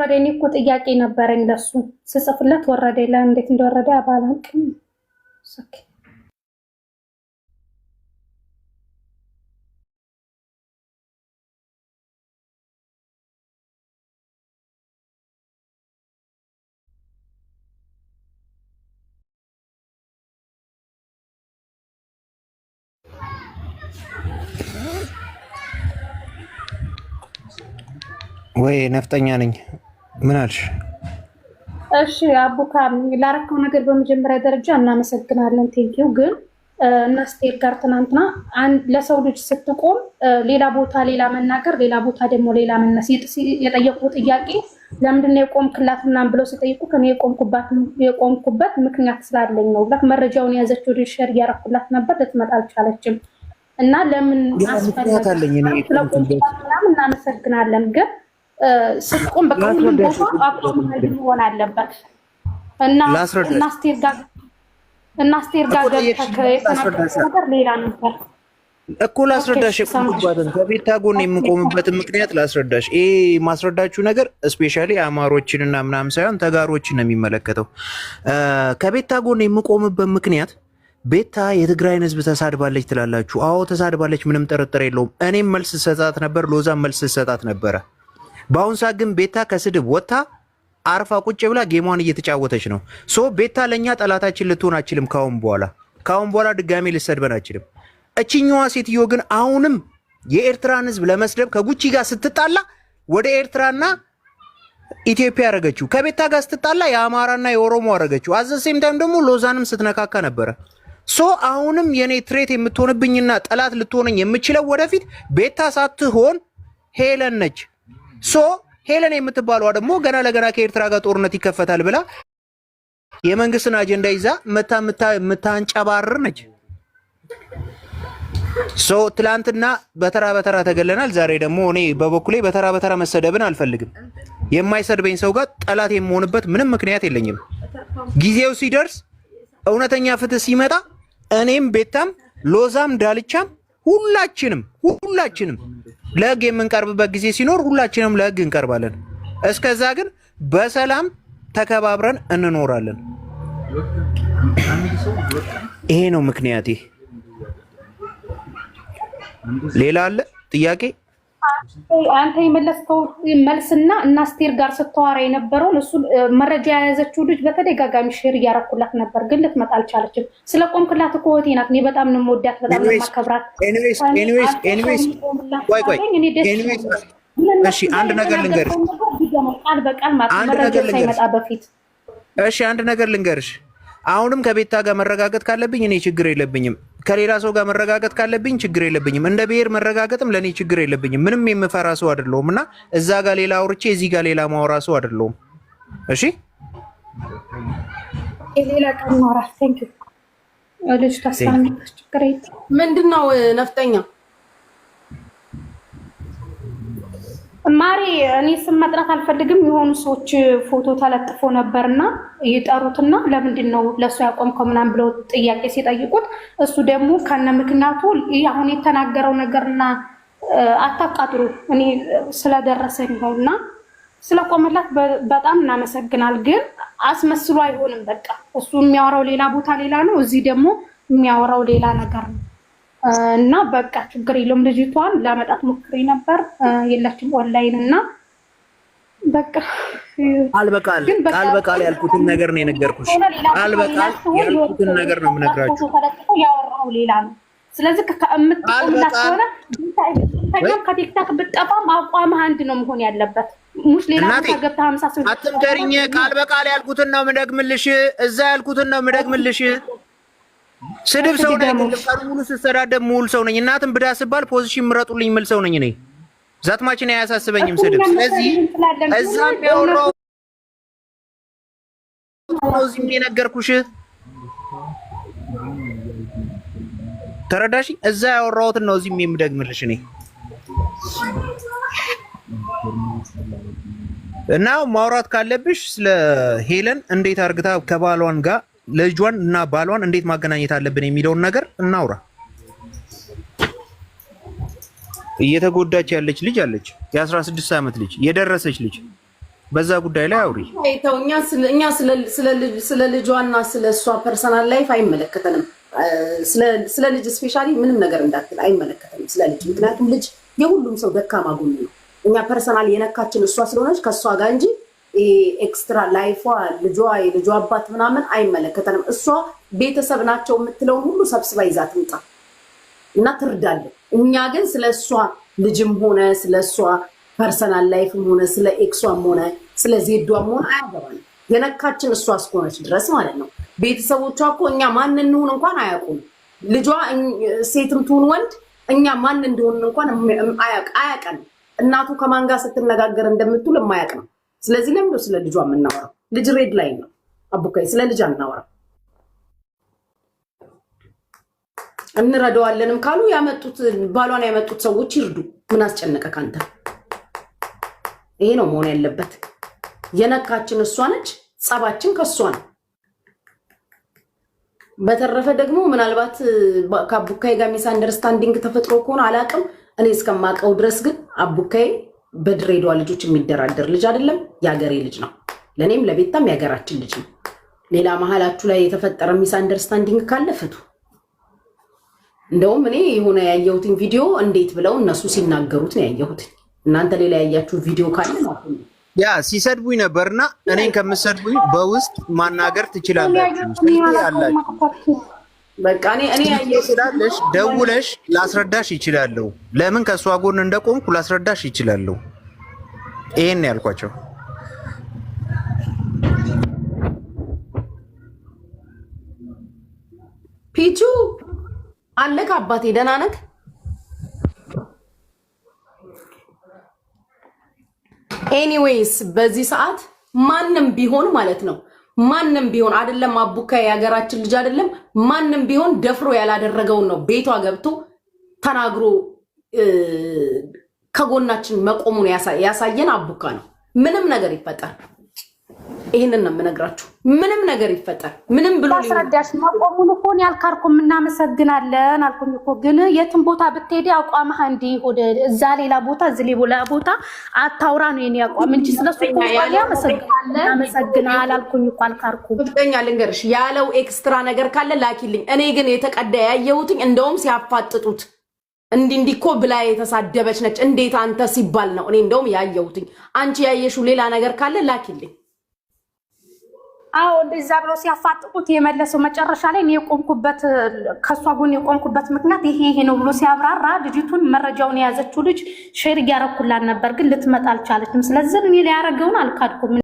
ወረደ? እኔ እኮ ጥያቄ ነበረኝ ለሱ ስጽፍለት ወረደ። እንዴት እንደወረደ አባላቅም ወይ ነፍጠኛ ነኝ። ምን አልሽ? እሺ አቡካ ላረከው ነገር በመጀመሪያ ደረጃ እናመሰግናለን። ቴንኪው ግን እና ስቴር ጋር ትናንትና ለሰው ልጅ ስትቆም ሌላ ቦታ ሌላ መናገር፣ ሌላ ቦታ ደግሞ ሌላ መነስ የጠየቁ ጥያቄ ለምንድነው የቆም ክላት ምናምን ብለው ሲጠይቁ ከኔ የቆምኩበት ምክንያት ስላለኝ ነው ብላት መረጃውን የያዘችው ልጅ ሸር እያረኩላት ነበር፣ ልትመጣ አልቻለችም። እና ለምን አስፈለግ ስለቆምኩላት ምናምን እናመሰግናለን ግን ስልቁን በሁሉም ቦታ አብሮ መሆን አለበት እና እናስቴር ጋር እኮ ላስረዳሽ የቆምኩባትን ከቤታ ጎን የምቆምበትን ምክንያት ላስረዳሽ። ይሄ ማስረዳችሁ ነገር ስፔሻሊ አማሮችንና ምናምን ሳይሆን ተጋሮችን ነው የሚመለከተው። ከቤታ ጎን የምቆምበት ምክንያት ቤታ የትግራይን ሕዝብ ተሳድባለች ትላላችሁ። አዎ ተሳድባለች፣ ምንም ጥርጥር የለውም። እኔም መልስ ሰጣት ነበር፣ ሎዛም መልስ ሰጣት ነበረ። በአሁን ሰዓት ግን ቤታ ከስድብ ወጥታ አርፋ ቁጭ ብላ ጌሟን እየተጫወተች ነው። ሶ ቤታ ለእኛ ጠላታችን ልትሆን አችልም። ካሁን በኋላ ካሁን በኋላ ድጋሜ ልሰድበን አችልም። እችኛዋ ሴትዮ ግን አሁንም የኤርትራን ሕዝብ ለመስደብ ከጉቺ ጋር ስትጣላ ወደ ኤርትራና ኢትዮጵያ አረገችው። ከቤታ ጋር ስትጣላ የአማራና የኦሮሞ አረገችው። አዘሴም ታይም ደግሞ ሎዛንም ስትነካካ ነበረ። ሶ አሁንም የኔ ትሬት የምትሆንብኝና ጠላት ልትሆነኝ የምችለው ወደፊት ቤታ ሳትሆን ሄለን ነች። ሶ ሄለን የምትባሏ ደግሞ ገና ለገና ከኤርትራ ጋር ጦርነት ይከፈታል ብላ የመንግስትን አጀንዳ ይዛ መታ የምታንጨባርር ነች። ሶ ትላንትና በተራ በተራ ተገለናል። ዛሬ ደግሞ እኔ በበኩሌ በተራ በተራ መሰደብን አልፈልግም። የማይሰድበኝ ሰው ጋር ጠላት የምሆንበት ምንም ምክንያት የለኝም። ጊዜው ሲደርስ እውነተኛ ፍትህ ሲመጣ እኔም ቤታም ሎዛም ዳልቻም ሁላችንም ሁላችንም ለህግ የምንቀርብበት ጊዜ ሲኖር ሁላችንም ለህግ እንቀርባለን። እስከዛ ግን በሰላም ተከባብረን እንኖራለን። ይሄ ነው ምክንያቴ። ሌላ አለ ጥያቄ? አንተ የመለስከው መልስና እና ስቴር ጋር ስተዋራ የነበረውን እሱ መረጃ የያዘችው ልጅ በተደጋጋሚ ሼር እያረኩላት ነበር፣ ግን ልትመጣ አልቻለችም። ስለ ቆምክላት እኮ እህቴ ናት። እኔ በጣም ነው የምወዳት፣ በጣም ነው የማከብራት። እሺ አንድ ነገር ልንገርሽ፣ አንድ ነገር ልንገርሽ። አሁንም ከቤታ ጋር መረጋገጥ ካለብኝ እኔ ችግር የለብኝም። ከሌላ ሰው ጋር መረጋገጥ ካለብኝ ችግር የለብኝም። እንደ ብሔር መረጋገጥም ለእኔ ችግር የለብኝም። ምንም የምፈራ ሰው አይደለሁም እና እዛ ጋር ሌላ አውርቼ እዚህ ጋር ሌላ ማውራ ሰው አይደለሁም። እሺ ምንድን ነው ነፍጠኛ ማሬ እኔ ስም መጥራት አልፈልግም። የሆኑ ሰዎች ፎቶ ተለጥፎ ነበርና ይጠሩትና ለምንድን ነው ለእሱ ያቆምከው ምናምን ብለው ጥያቄ ሲጠይቁት እሱ ደግሞ ከነ ምክንያቱ አሁን የተናገረው ነገርና አታቃጥሩ እኔ ስለደረሰኝ ነው እና ስለቆመላት በጣም እናመሰግናል። ግን አስመስሎ አይሆንም። በቃ እሱ የሚያወራው ሌላ ቦታ ሌላ ነው፣ እዚህ ደግሞ የሚያወራው ሌላ ነገር ነው። እና በቃ ችግር የለውም ልጅቷን ለመጣት ሞክሬ ነበር፣ የላችም ኦንላይን እና በቃ ቃል በቃል ቃል በቃል ያልኩትን ነገር ነው የነገርኩሽ። ቃል በቃል ያልኩትን ነገር ነው የምነግራችሁ። ያወራው ሌላ ነው። ስለዚህ ከምትላት ከቲክታክ ብጠፋም አቋም አንድ ነው መሆን ያለበት። ሙሽ ሌላ ገብታ ሀምሳ አትምከሪኝ። ቃል በቃል ያልኩትን ነው ምደግምልሽ። እዛ ያልኩትን ነው ምደግምልሽ። ስድብ ሰው ነኝ። ሙሉ ስሰዳደብ ሙሉ ሰው ነኝ። እናትም ብዳ ስባል ፖዚሽን ምረጡልኝ ምል ሰው ነኝ ነኝ ዛትማችን አያሳስበኝም ስድብ። ስለዚህ እዛም የሚያወራው እዚህም የነገርኩሽ ተረዳሽ? እዛ ያወራሁትን ነው እዚህም የምደግምልሽ እኔ እና ማውራት ካለብሽ ስለ ሄለን እንዴት አርግታ ከባሏን ጋር ልጇን እና ባሏን እንዴት ማገናኘት አለብን የሚለውን ነገር እናውራ። እየተጎዳች ያለች ልጅ አለች፣ የ16 ዓመት ልጅ የደረሰች ልጅ። በዛ ጉዳይ ላይ አውሪ። እኛ ስለ ልጇና ስለ እሷ ፐርሰናል ላይፍ አይመለከተንም። ስለ ልጅ ስፔሻሊ ምንም ነገር እንዳትል አይመለከተንም፣ ስለ ልጅ። ምክንያቱም ልጅ የሁሉም ሰው ደካማ ጎን ነው። እኛ ፐርሰናል የነካችን እሷ ስለሆነች ከእሷ ጋር እንጂ ኤክስትራ ላይፏ ልጇ የልጇ አባት ምናምን አይመለከተንም። እሷ ቤተሰብ ናቸው የምትለውን ሁሉ ሰብስባ ይዛ ትምጣ እና ትርዳለን። እኛ ግን ስለ እሷ ልጅም ሆነ ስለ እሷ ፐርሰናል ላይፍም ሆነ ስለ ኤክሷም ሆነ ስለ ዜዷም ሆነ አያገባንም። የነካችን እሷ እስከሆነች ድረስ ማለት ነው። ቤተሰቦቿ እኮ እኛ ማን እንሁን እንኳን አያውቁም። ልጇ ሴትም ትሁን ወንድ እኛ ማን እንደሆን እንኳን አያውቀንም። እናቱ ከማን ጋር ስትነጋገር እንደምትውል የማያውቅ ነው። ስለዚህ ለምዶ ስለ ልጇ የምናወራው? ልጅ ሬድ ላይ ነው። አቡካይ ስለ ልጅ አናወራም። እንረዳዋለንም ካሉ ያመጡት ባሏን ያመጡት ሰዎች ይርዱ። ምን አስጨነቀ ካንተ? ይሄ ነው መሆን ያለበት። የነካችን እሷ ነች፣ ጸባችን ከእሷ ነው። በተረፈ ደግሞ ምናልባት ከአቡካይ ጋር ሚስ አንደርስታንዲንግ ተፈጥሮ ከሆነ አላቅም። እኔ እስከማውቀው ድረስ ግን አቡካይ በድሬዳዋ ልጆች የሚደራደር ልጅ አይደለም። የሀገሬ ልጅ ነው። ለእኔም ለቤታም የሀገራችን ልጅ ነው። ሌላ መሀላችሁ ላይ የተፈጠረ ሚስ አንደርስታንዲንግ ካለ ፍቱ። እንደውም እኔ የሆነ ያየሁትን ቪዲዮ እንዴት ብለው እነሱ ሲናገሩት ነው ያየሁት። እናንተ ሌላ ያያችሁ ቪዲዮ ካለ ያ ሲሰድቡኝ ነበርና እኔን ከምሰድቡኝ በውስጥ ማናገር ትችላላችሁ። በቃ እኔ ስላለሽ ደውለሽ ላስረዳሽ ይችላለሁ። ለምን ከእሷ ጎን እንደቆምኩ ላስረዳሽ ይችላለሁ። ይሄን ያልኳቸው ፒቹ አለክ አባቴ ደህና ነህ? ኤኒዌይስ በዚህ ሰዓት ማንም ቢሆን ማለት ነው ማንም ቢሆን አይደለም አቡካ የሀገራችን ልጅ አይደለም ማንም ቢሆን ደፍሮ ያላደረገውን ነው ቤቷ ገብቶ ተናግሮ ከጎናችን መቆሙን ያሳየን አቡካ ነው። ምንም ነገር ይፈጠር ይህንን ነው የምነግራችሁ። ምንም ነገር ይፈጠር ምንም ብሎ አስረዳሽ መቆሙን እኮ እኔ አልካርኩም። እናመሰግናለን አልኩኝ እኮ ግን የትም ቦታ ብትሄድ አቋምህ እንዲ ወደ እዛ ሌላ ቦታ እዚ ሌላ ቦታ አታውራ ነው የኔ አቋም እንጂ ስለሱ እናመሰግናል አልኩኝ እኮ አልካርኩም። ብጠኛ ልንገርሽ ያለው ኤክስትራ ነገር ካለ ላኪልኝ። እኔ ግን የተቀዳ ያየሁትኝ እንደውም ሲያፋጥጡት እንዲ እንዲኮ ብላ የተሳደበች ነች እንዴት አንተ ሲባል ነው እኔ እንደውም ያየሁትኝ። አንቺ ያየሽው ሌላ ነገር ካለ ላኪልኝ። አዎ እንደዛ ብለው ሲያፋጥቁት የመለሰው መጨረሻ ላይ የቆምኩበት ከእሷ ጎን የቆምኩበት ምክንያት ይሄ ይሄ ነው ብሎ ሲያብራራ ልጅቱን መረጃውን የያዘችው ልጅ ሼር እያረኩላን ነበር፣ ግን ልትመጣ አልቻለችም። ስለዚህ እኔ ሊያረገውን አልካድኩም።